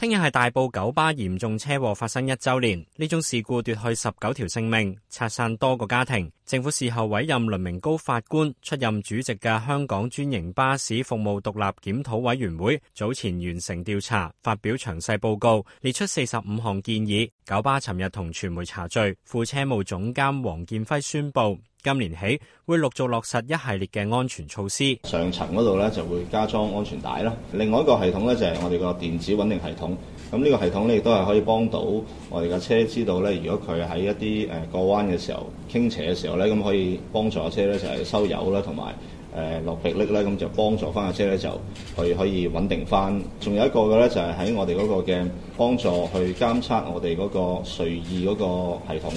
聽日係大埔九巴嚴重車禍發生一周年，呢宗事故奪去十九條性命，拆散多個家庭。政府事後委任倫明高法官出任主席嘅香港專營巴士服務獨立檢討委員會，早前完成調查，發表詳細報告，列出四十五項建議。九巴尋日同傳媒查罪，副車務總監黃建輝宣布。今年起會陸續落實一系列嘅安全措施。上層嗰度咧就會加裝安全帶啦。另外一個系統咧就係、是、我哋個電子穩定系統。咁呢個系統咧亦都係可以幫到我哋架車知道咧，如果佢喺一啲誒、呃、過彎嘅時候傾斜嘅時候咧，咁可以幫助架車咧就係、是、收油啦，同埋誒落迫力咧，咁就幫助翻架車咧就去可以穩定翻。仲有一個嘅咧就係、是、喺我哋嗰個嘅幫助去監測我哋嗰個睡意嗰個系統。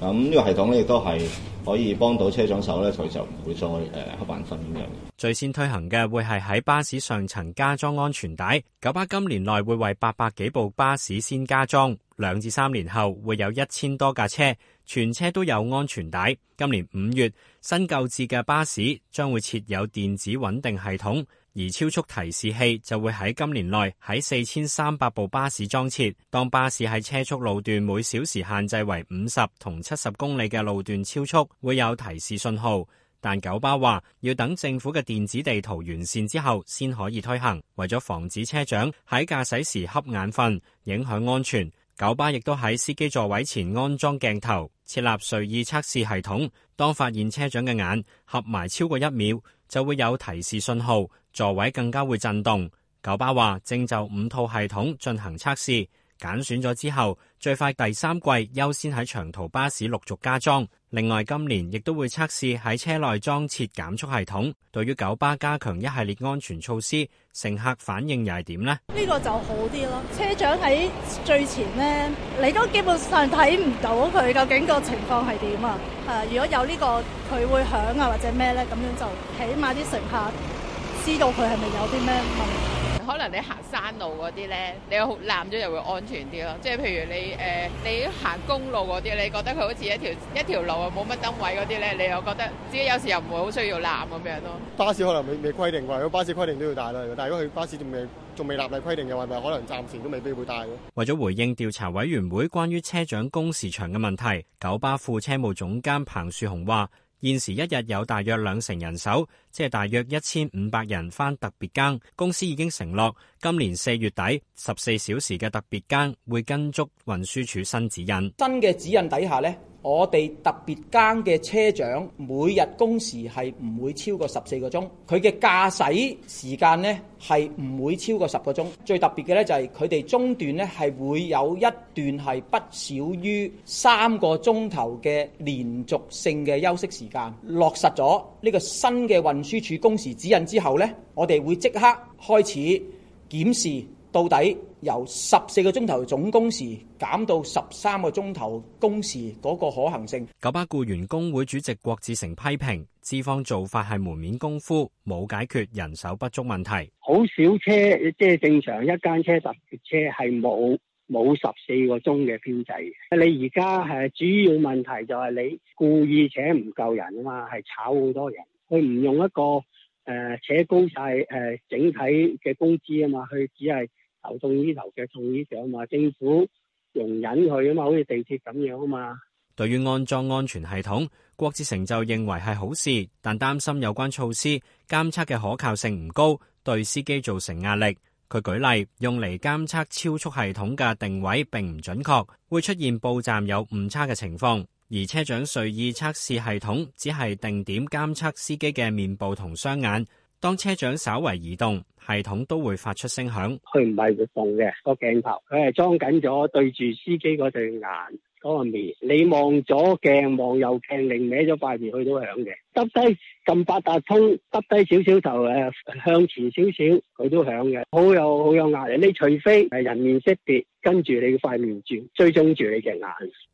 咁呢、嗯，這個系統咧亦都係可以幫到車長手咧，佢就唔會再誒、呃、瞌眼瞓咁樣。最先推行嘅會係喺巴士上層加裝安全帶，九巴今年內會為八百幾部巴士先加裝，兩至三年後會有一千多架車全車都有安全帶。今年五月新購置嘅巴士將會設有電子穩定系統。而超速提示器就會喺今年內喺四千三百部巴士裝設，當巴士喺車速路段每小時限制為五十同七十公里嘅路段超速，會有提示信號。但九巴話要等政府嘅電子地圖完善之後先可以推行。為咗防止車長喺駕駛時瞌眼瞓，影響安全，九巴亦都喺司機座位前安裝鏡頭，設立睡意測試系統。當發現車長嘅眼合埋超過一秒，就會有提示信號。座位更加會震動。九巴話正就五套系統進行測試，揀選咗之後，最快第三季優先喺長途巴士陸續加裝。另外，今年亦都會測試喺車內裝設減,減速系統。對於九巴加強一系列安全措施，乘客反應又係點呢？呢個就好啲咯。車長喺最前呢，你都基本上睇唔到佢究竟個情況係點啊。如果有呢個，佢會響啊，或者咩呢？咁樣就起碼啲乘客。知道佢係咪有啲咩問題？可能你行山路嗰啲咧，你有攬咗又會安全啲咯。即係譬如你誒、呃，你行公路嗰啲，你覺得佢好似一條一條路啊，冇乜燈位嗰啲咧，你又覺得自己有時又唔會好需要攬咁樣咯。巴士可能未未規定啩？如果巴士規定都要帶啦，但如果佢巴士仲未仲未立例規定嘅話，咪可能暫時都未必會帶咯。為咗回應調查委員會關於車長工時長嘅問題，九巴副車務總監彭樹雄話。現時一日有大約兩成人手，即係大約一千五百人返特別間。公司已經承諾，今年四月底十四小時嘅特別間會跟足運輸署新指引。新嘅指引底下呢，我哋特別間嘅車長每日工時係唔會超過十四個鐘，佢嘅駕駛時間呢係唔會超過十個鐘。最特別嘅呢，就係佢哋中段呢係會有一段係不少於三個鐘頭嘅連續性嘅休息時間。落實咗呢個新嘅運輸署工時指引之後呢，我哋會即刻開始檢視。到底由十四個鐘頭總工時減到十三個鐘頭工時嗰個可行性。九巴雇員工會主席郭志成批評：資方做法係門面功夫，冇解決人手不足問題。好少車，即係正常一間車集團車係冇冇十四個鐘嘅編制。你而家係主要問題就係你故意請唔夠人啊嘛，係炒好多人。佢唔用一個誒請高曬誒整體嘅工資啊嘛，佢只係。受中意受嘅中意上話政府容忍佢啊嘛，好似地鐵咁樣啊嘛。對於安裝安全系統，郭志成就認為係好事，但擔心有關措施監測嘅可靠性唔高，對司機造成壓力。佢舉例，用嚟監測超速系統嘅定位並唔準確，會出現報站有誤差嘅情況。而車長睡意測試系統，只係定點監測司機嘅面部同雙眼。當車長稍為移動，系統都會發出聲響。佢唔係會動嘅，個鏡頭，佢係裝緊咗對住司機嗰對眼。嗰個面，你望左鏡望右鏡，擰歪咗塊面，佢都響嘅。耷低撳八達通，耷低少少頭誒，向前少少，佢都響嘅。好有好有壓力。你除非係人面識別，跟住你塊面轉，追蹤住你隻眼。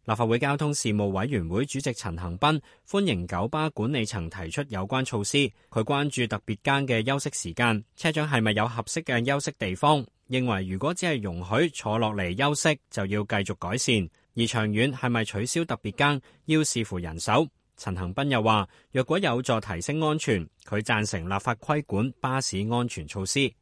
立法會交通事務委員會主席陳恒鑌歡迎九巴管理層提出有關措施。佢關注特別更嘅休息時間，車長係咪有合適嘅休息地方？認為如果只係容許坐落嚟休息，就要繼續改善。而長遠係咪取消特別更，要視乎人手。陳恒斌又話：若果有助提升安全，佢贊成立法規管巴士安全措施。